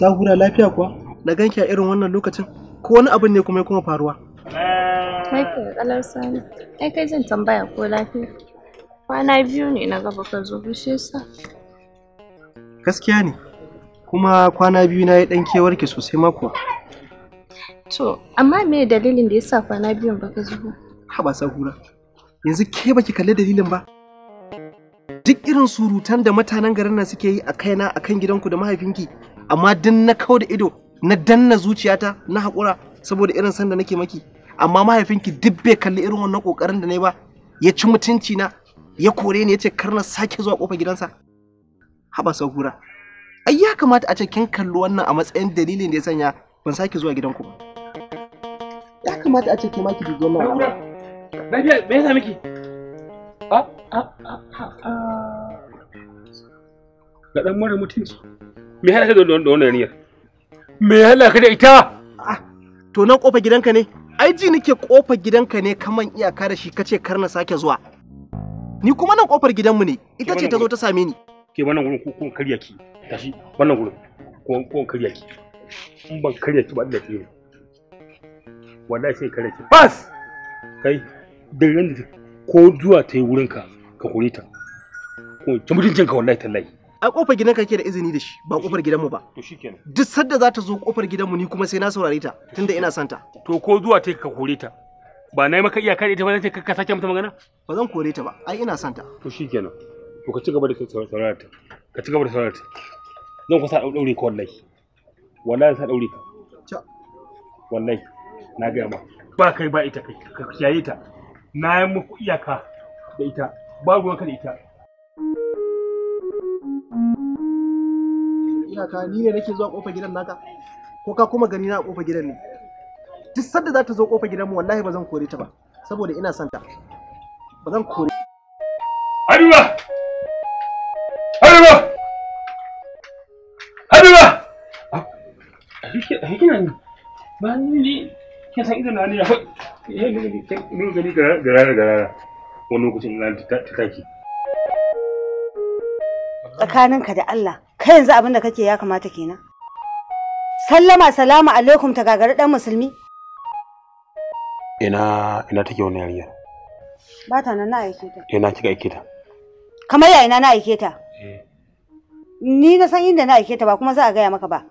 hura, lafiya kuwa? Na ganki a irin wannan lokacin ko wani abin ne kuma ya kuma faruwa? Kai ka sani. Ai kai zan tambaya ko lafiya. Kwana biyu ne na gaba ka zo bishe sa. Gaskiya ne. Kuma kwana biyu na yi ɗan kewarki sosai ma kuwa. To, amma me dalilin da yasa kwana biyun baka zo ba? Haba Sahura. Yanzu ke baki kalli dalilin ba? Duk irin surutan da mutanen garin nan suke yi a kaina akan gidanku da mahaifinki amma din na kawo da ido na danna zuciyata na haƙura saboda irin san da nake maki amma mahaifinki duk bai kalli irin wannan ƙoƙarin da na ba ya ci mutunci na ya kore ni ya ce karna sake zuwa ƙofar gidansa haba sahura ai ya kamata a ce kin kalli wannan a matsayin dalilin da ya sanya ban sake zuwa gidanku ba ya kamata a ce ke maki ki dubi ba. me yasa miki ah, ah, ah, ah. ga dan mara mutunci me ya ka da wannan niyyar me ya ka da ita ah, to nan kofar gidanka ne ai ji nake kofar gidanka ne kaman iyaka da shi kace kar na sake zuwa ni kuma nan kofar gidanmu ne ita ce ta zo ta same ni ke wannan gurin ko kun karya ki tashi wannan gurin ko kun karya ki in ban karya ki ba da ke ne wallahi sai karya ki bas kai da ran ko zuwa ta yi wurinka ka kore ta ko ta mutuncin ka wallahi tallahi a kofar gidanka kake da izini da shi ba kofar gidanmu ba to shikenan duk sadda za ta zo kofar gidanmu ni kuma sai na saurare ta tunda ina son ta to ko zuwa take ka kore ta ba na yi maka iyakar ita ba zan ka sake mata magana ba zan kore ta ba ai ina son ta to shikenan to ka ci gaba da saurare ta ka ci gaba da saurare ta zan kusa daure ka wallahi wallahi sa daure ka wallahi na ga ma ba kai ba ita ka kiyaye ta na yi muku iyaka da ita ba ka da ita nake zuwa kofar gidan naka ko ka kuma gani na kofar gidan ne duk za ta zo kofar gidan mu wallahi ba zan kore ta ba saboda ina son ta ba zan kore tsakaninka da Allah kai yanzu abin da kake ya kamata kenan sallama salamu alaikum ta gagari dan musulmi ina ina take wani yarinyar ba ta nan na aike ta ina eh, kika aike ta kamar ya ina na aike ta eh. ni na san inda na aike ta ba kuma za a gaya maka ba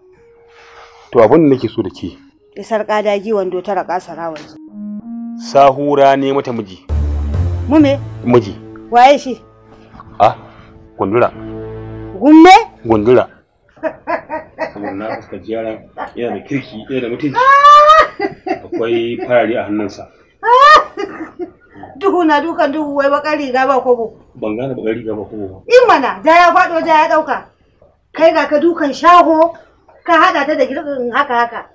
to abin da nake so da ke isar kadagi wando ta raka sarawar sahura ne mata miji mu me miji waye shi ah kundura gumme gundura na fuskaci yara yana da kirki yana da mutunci akwai farare a hannunsa duhu na dukan duhu wai baka riga ba kobo ban gane bakar riga ba kobo ba in mana ja ya fado ja ya dauka kai ga ka dukan shaho ka hada ta da girbin haka haka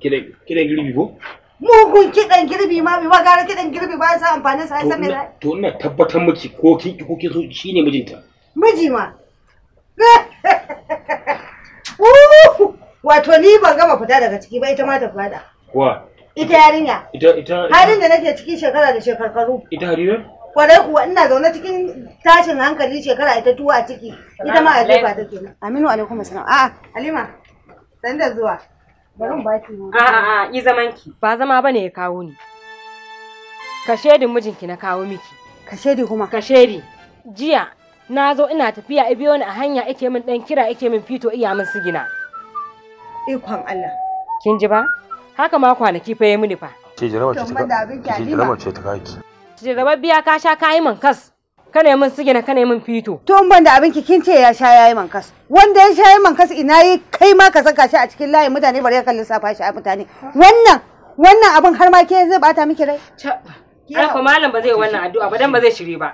kidan girbi ko mugun kidan girbi ma bai magana kidan girbi ba sa amfanin sa sai mai to ina tabbatar miki ko kin ko kin so shine mijinta miji ma Wato ni ban gama fita daga ciki ba ita ma ta fada. Wa? Ita yarinya. Ita ita. Halin da nake ciki shekara da shekarkaru. Ita harira? Kwarai kuwa ina zaune cikin tashin hankali shekara ita tuwa a ciki. Ita ma a jefa take. Aminu alaikum assalam. A'a Halima. San da zuwa. Barin baki. A'a a'a yi zaman ki. Ba zama bane ya kawo ni. Ka shedin mijinki na kawo miki. Ka shedi kuma. Ka shedi. Jiya na zo ina tafiya a biyo ni a hanya ake min dan kira ake min fito iya min sigina ikon Allah kin ji ba haka ma kwanaki fa yi mini fa ce jaraba ce ta ce jaraba ce ta kaki jaraba biya ka sha kayi min kas ka ne min sigina ka ne min fito to ban da abinki kin ce ya sha yayi min kas wanda ya sha yayi min kas ina yi kai ma ka saka shi a cikin layin mutane bare ka lissafa shi a mutane wannan wannan abin har ma ke zai bata miki rai ta malam ba zai wannan addu'a ba dan ba zai shiri ba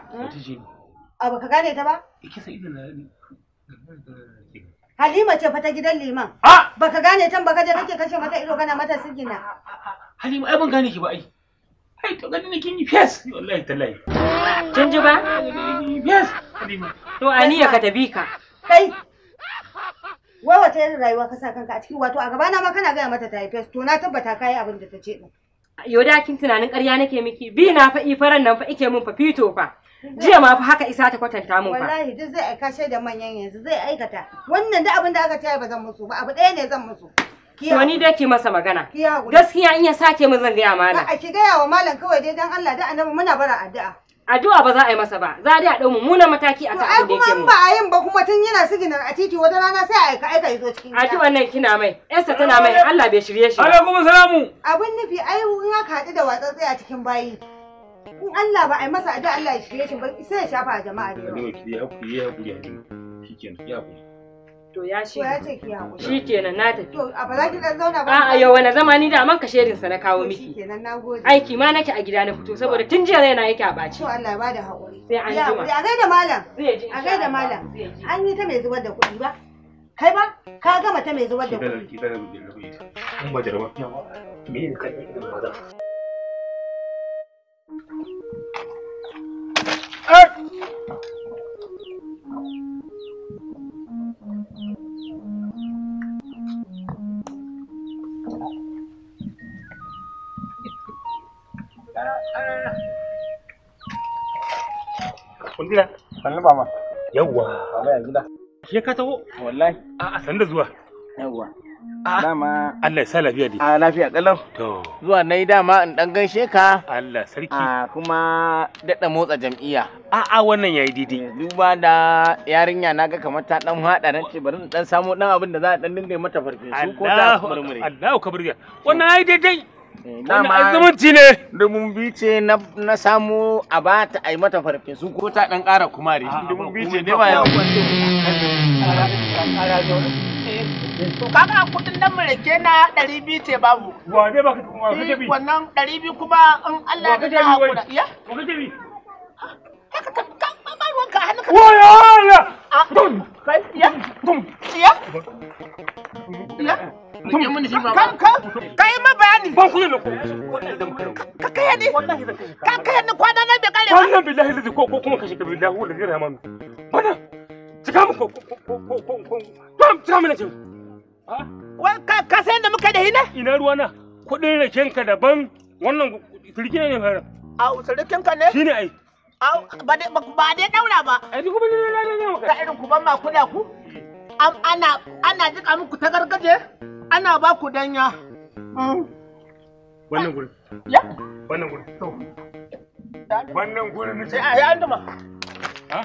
abu ka gane ta ba Halima ce fa ta gidan liman. Baka gane tan baka je kake kashe mata ido kana mata sigina. Halima ai ban gane ki ba ai. Ai to gani ne kin yi fes wallahi tallahi. Kin ji ba? Fes Halima. To aniya ka tabi ka. Kai Wai wata irin rayuwa ka sa kanka a cikin wato a gaba na ma kana gaya mata ta yi fes to na tabbata kai abin da ta ce din. Yau da kin tunanin ƙarya nake miki bi na faɗi faran nan fa ike mun fa fito fa. jiya ma fa haka isa ta kwatanta mun fa wallahi duk zai aika shaida manyan yanzu zai aikata wannan duk abin da aka tayar ba zan musu ba abu ɗaya ne zan musu to ni dai ki masa magana gaskiya in ya sake mu zan gaya malam a ki gaya wa malam kawai dai dan Allah da annabi muna bara addu'a addu'a ba za a yi masa ba za dai a dau na mataki akan abin da yake mu ba a yin ba kuma tun yana siginar a titi wata rana sai a aika aika yazo cikin gida addu'a nan kina mai yarsa tana mai Allah bai shirye shi alaikum salamu abin nufi ai in aka haɗu da watsatsai a cikin bayi in Allah ba a yi masa addu'a Allah ya shirye shi ba sai ya shafa a jama'a da yawa ki hakuri ya hakuri shikenan ya hakuri to ya shi ya ce ki shikenan na tafi to a ba za ki dan zauna ba a'a yau wani zamani da amanka shedin sa na kawo miki shikenan nagode aiki ma nake a gida na fito saboda tun jiya raina yake a baci to Allah ya bada hakuri sai an jima a gaida malam zai ji a gaida malam an yi ta mai zubar da kuɗi ba kai ba ka gama ta mai zubar da kuɗi ki da ki ba me ne kai da Kundila. Sannu ba ma. Yawwa. Ba yanzu da. Shi ka taho? Wallahi. A'a sanda zuwa. Yawwa. dama Allah ya sa lafiya dai a lafiya kalau to zuwa nayi dama in dan ganshe ka Allah sarki a kuma dada motsa jam'iyya a a wannan yayi daidai duba da yarinya ga kamar ta dan hada nan ce bari dan samu dan abin da za a dan dinga mata farfesu ko ta murmure Allahu kabar wannan yi daidai Dama zumunci ne. Dumun bice na na samu a ba ta yi mata farfesu ko ta dan ƙara kumari. Dumun bice ne ba yau. to kaga kudin nan rake na 200 ce babu wa ne baka kuma ka tabi eh, wannan 200 kuma in Allah ya da hakura ya ka tabi ka ka ka ruwan ka hannu ka waya ya dum kai ya dum ya ya dum kan ma bayani ban kuyi ne ko ka kai ne ka kai ne kwana na bai kare ba wannan billahi lazi ko kuma kashe ka billahi wallahi rahman bana cika mu ko ko ko ko ko ko ko Wai ka san yadda muka da hina? Ina ruwana. rakenka daban wannan ne fara. A sarakenka ne? Shine ai. Ba dai daura ba. Ai ne na ne maka. Ka irin ku ban ma kuɗa ku? Ana ana jika muku ta gargaje? Ana ba ku danya. Mm. Wannan gurin. Ya? Wannan gurin. Wannan gurin ne. Sai a yi an Ha?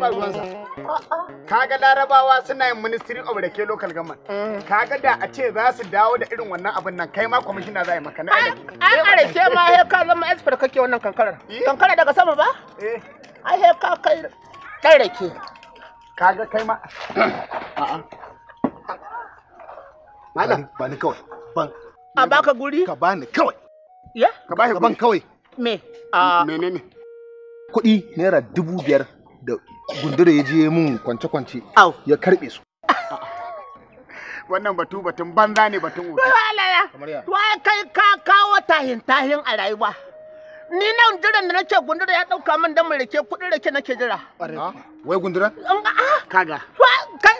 ba ruwansa kaga larabawa suna yin ministry of the local government mm. kaga da a ce za su dawo da irin wannan abin nan kai ma commissioner za yi maka na a rake ma he ka zama expert kake wannan kankarar eh. kankara daga sama ba eh ai he ka kai dan rake kaga kai ma malam ba ni kawai ban a baka guri ka bani kawai ya ka bani ban kawai me a menene kuɗi naira dubu biyar da gundura ya je mun kwance-kwance ya karbe su wannan batu batun banza ne batun wuta wa kai ka kawo tahin tahin a rayuwa ni nan jiran da nake gundura ya dauka min dan mai rake kudin rake nake jira ah? wai gundura ah! kaga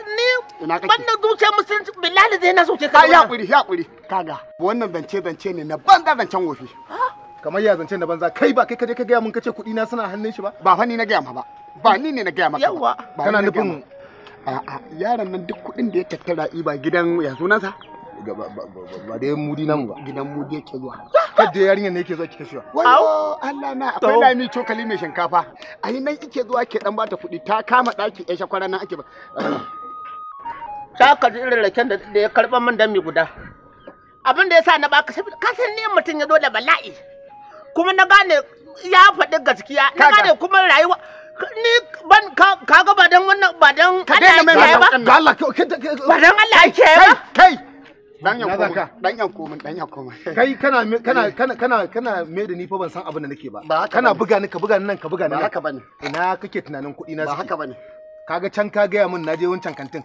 ni wannan zuciya musulunci bilali zai na soke kaga ya kuri ya kuri. kaga wannan zance zance ne na banza zancen wofi ah! kamar ya zance da banza kai ba kai kaje ka gaya mun kace kudi na suna hannun shi ba ba fanni na gaya ma ba ba ni ne na gaya ma yawa kana nufin a'a yaron nan duk kudin da ya tattara i ba gidan ya sa ba da yan mudi nan ba gidan mudi yake zuwa ah! kadda yarinyar ne yake zuwa kike shiwa wayo Allah na akwai lami cokali mai shinkafa ai nan kike zuwa ke dan bata kuɗi ta kama daki ɗan shakwara nan ake ba ta ka ji irin raken da ya karban man dami guda abin da ya sa na baka ka san ne mutun ya zo da bala'i kuma na gane ya faɗi gaskiya na gane kuma rayuwa ni ban ka ga ba wannan badan Allah ya ba ga Allah ke Allah ya ba kai dan koma dan yan koma dan yan koma kai kana kana kana kana kana me da ni fa ban san abin da nake ba kana buga ni ka buga ni nan ka buga ni nan haka bane ina kake tunanin kuɗi na ba haka bane kaga can ka gaya min na je wancan kantin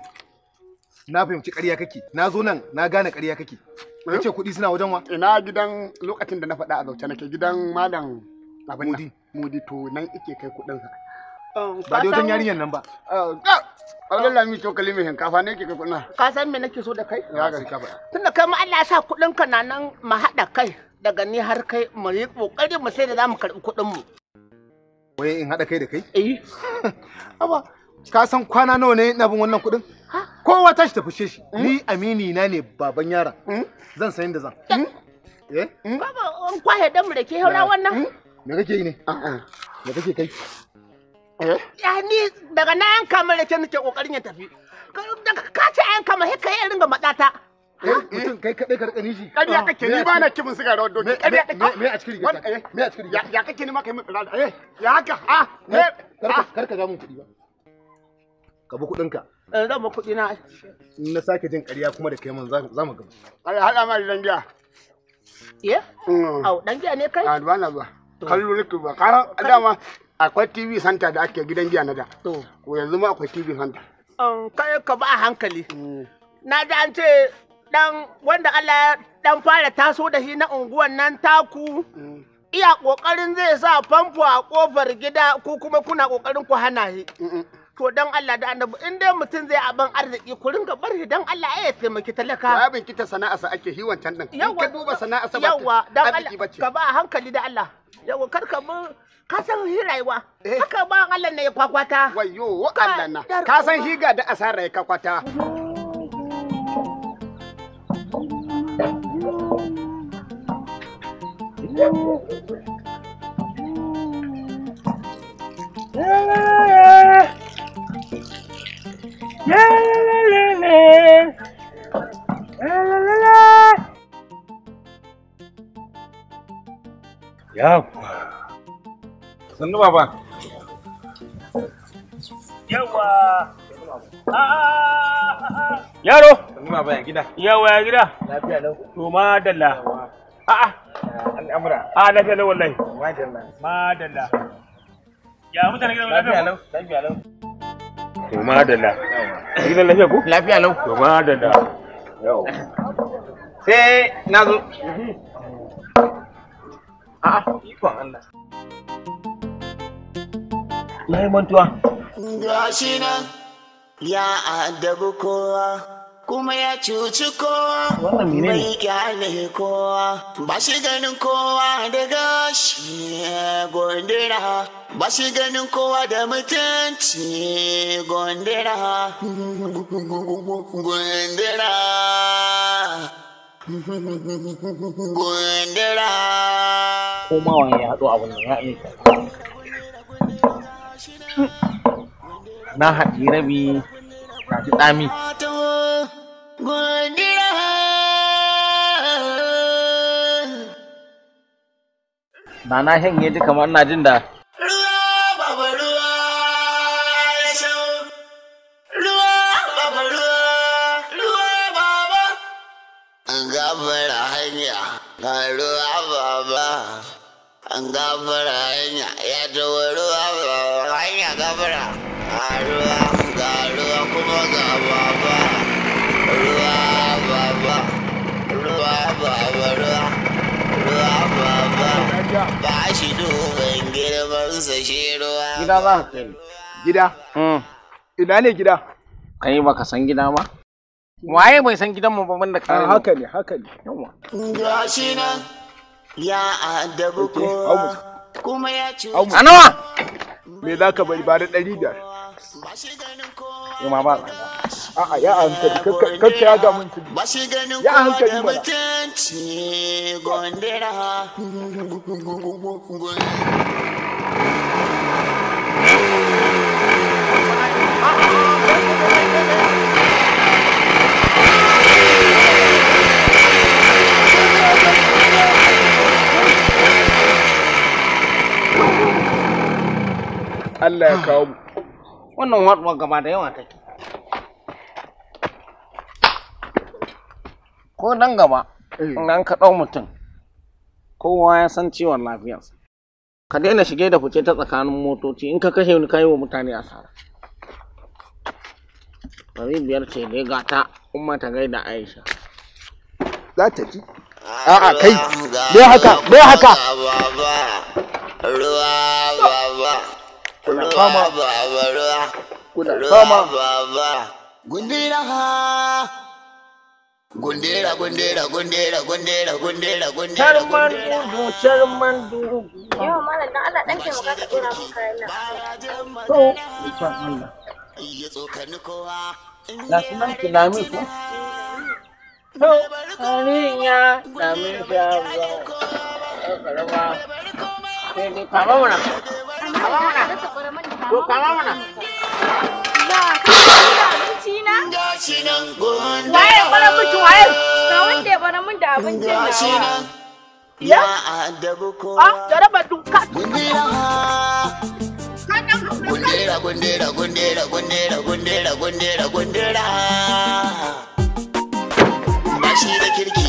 na fahimci ƙarya kake na zo nan na gane ƙarya kake Eh? ce kuɗi suna wajen wa ina gidan lokacin da na faɗa a zauce nake gidan malam abin nan. Modi. to nan ike kai kudin um, ka. ba da wajen yarinyar nan ba eh, ah, Allah lami cokali mai hinkafa ne ke kai kuɗin ka san me nake so da kai ya ga ka tunda kai ma Allah ya sa kuɗin ka na nan ma haɗa kai daga ni har kai mu yi kokari mu sai da zamu karɓi kuɗin mu wai in haɗa kai da kai eh aba ka san kwana nawa ne na bin wannan kuɗin kowa tashi ta fushe shi hmm? ni amini na ne baban yara hmm? zan sayin da zan hmm? eh baba an kwaye dan mu da ke haura wannan me kake yi ne a'a ah, ah. me kake kai eh ya ni daga na yanka mu rake nake kokarin ya tafi ka ce yanka mu haka ya ringa madata eh, mutum kai kadai ka rika nishi kariya kake ah, ni ba na kibin siga rawar doki kariya kake me a cikin riga me a cikin riga eh? ya kake ni ma kai mun tsirara eh ya haka a karka ga mun kudi ba ka bi kudin ka Eh, zan ma kuɗi na in na sake jin ƙarya kuma da kai man za mu gama Allah haɗa ma dan giya ye mm. au dan giya ne kai a ba na ba kallo nake ba ka dama akwai TV center da ake gidan giya na da to yanzu ma akwai TV center um, kai ka ba hankali mm. na ji an ce dan wanda Allah dan fara taso da shi na unguwan nan taku mm. iya kokarin zai sa famfo a kofar gida ko kuma kuna kokarin ku hana shi to dan Allah da annabi in dai mutum zai abin arziki ku ringa bar shi dan Allah ya taimaki talaka ya binki ta sa ake hiwan can din in ka duba sana'arsa ba yawa dan Allah ka ba hankali da Allah yawa kar ka mu ka san hi rayuwa eh. haka ba Allah ne ya kwakwata wayo Allah na ka san higa da asara ya kwakwata Yeah. Yawwa. Sannu baba. Yawwa. Ah, ah, ah, Yaro. Sannu baba ya Madalla. Madalla. Ya to madalla a lafiya ko lafiya lau to madalla sai na zo ikon Allah mantuwa gashi nan ya adabu kowa kuma ya cuci kowa bai kyale kowa ba shi ganin kowa daga shi gondira ba shi ganin kowa da mutunci gondira gondira gondira kuma wani ya haɗu abin nan ya ne na haɗi rabi na ji tsami na na shanye duka kamar ina jin da ga ruwa ruwa ruwa Gida za ka kai. Gida? Hmm. Ina ne gida? Kai ka san gida ba? Waye bai san gidan mu ba banda kare. Ah, haka ne, haka ne. shi nan ya adabu kowa kuma ya ci. A Me za ka bari ba da ɗari ba a'a ya hankali kakka ya ya Allah ya kawo mu. Wannan waɗuwa gaba da yawa take. ko nan gaba eh. in an ka ɗau mutum kowa ya san ciwon lafiyarsa ka daina shige da fice ta tsakanin motoci in ka kashe ni yi wa mutane asara bari biyar ce dai gata umma ta gaida aisha za ta ji a'a kai me haka me haka ruwa baba kuna kama kuna kama gundira Gundera, gundera, gundera, gundera, gundera, gundera. Sharman dudu, sharman dudu. Yau malam dan Allah dan taimaka ka mun Na ya sauran mun da abincin nawa. Ya? Ah, jaraba duka. Gundera, gundera, gundera, gundera, gundera, gundera, gundera. da kirki.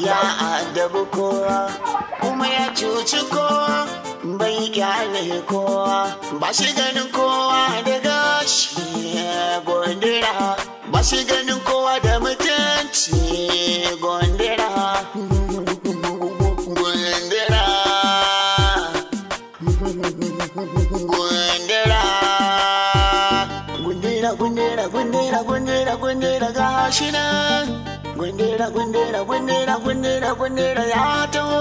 ya adabu kowa kuma ya cuci kowa bai kyale kowa ba shi ganin kowa da gashi gondira ba shi ganin kowa da mutunci gondira Gundera, gundera, gundera gundera gundera gundera gundera gundera, Gundira gundira gundira gundira ya taho.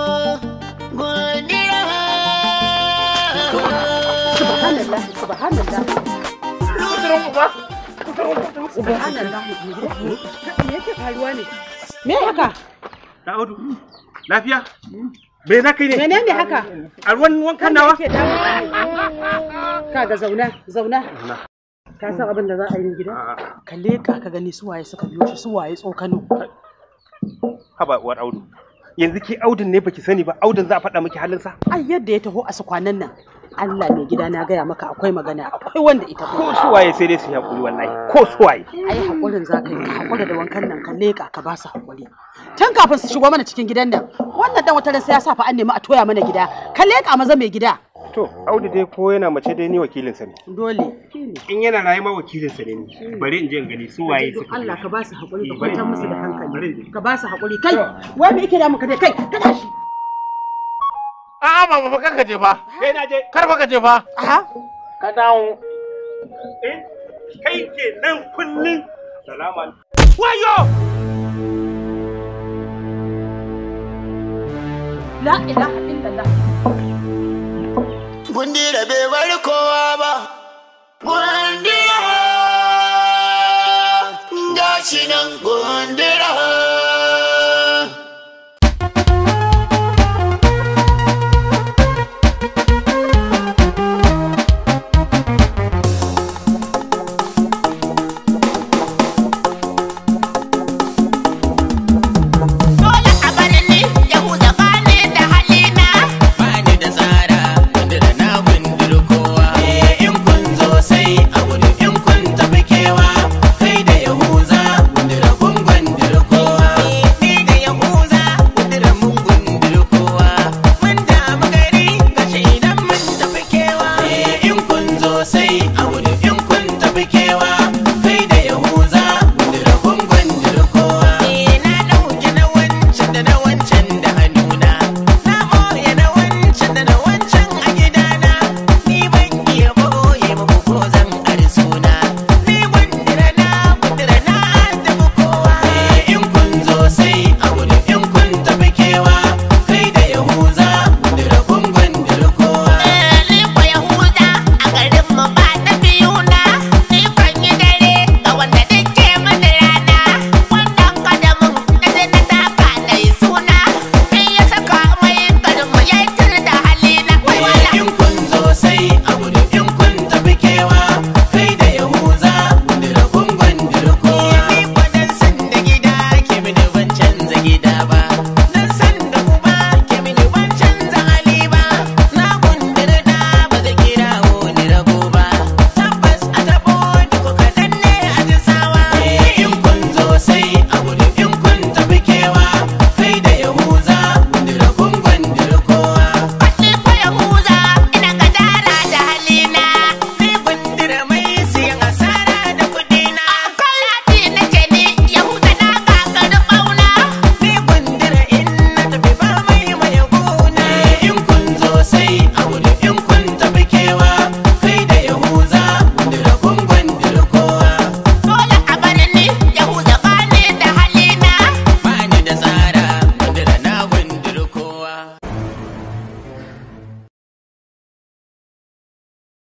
A ruwan wankan nawa? zauna zauna. ka san abin da za a yi gida Ka ka ka gani su waye suka biyo shi su waye tsokano haba uwar audu yanzu ke audun ne baki sani ba audun za a faɗa miki sa. ai yadda ya taho a kwanan nan Allah mai gida na gaya maka akwai magana akwai wanda ita ko su waye sai dai su hakuri wallahi ko su waye. ai hakurin za ka yi ka da wankan nan ka leka ka ba su hakuri tun kafin su shigo mana cikin gidan nan wannan dan wata sai ya sa fa an nemi a toya mana gida ka leka maza mai gida To, Audu dai ko yana mace dai ni wakilin sa ne. Dole. In yana raye ma wakilin sa ne ni. Bari in je in gani su waye su. Allah ka ba su hakuri ka kwantar musu da hankali. Ka ba su hakuri kai. Wai me yake da muka dai kai? Ka tashi. A'a a ba kar ka je fa. Kai na je. Kar fa ka je fa. A Aha. Ka dawo. Eh? Kai ke nan kullun. Salama. Wayo! La ilaha illallah. da bai bar kowa ba gundira gashi nan gundira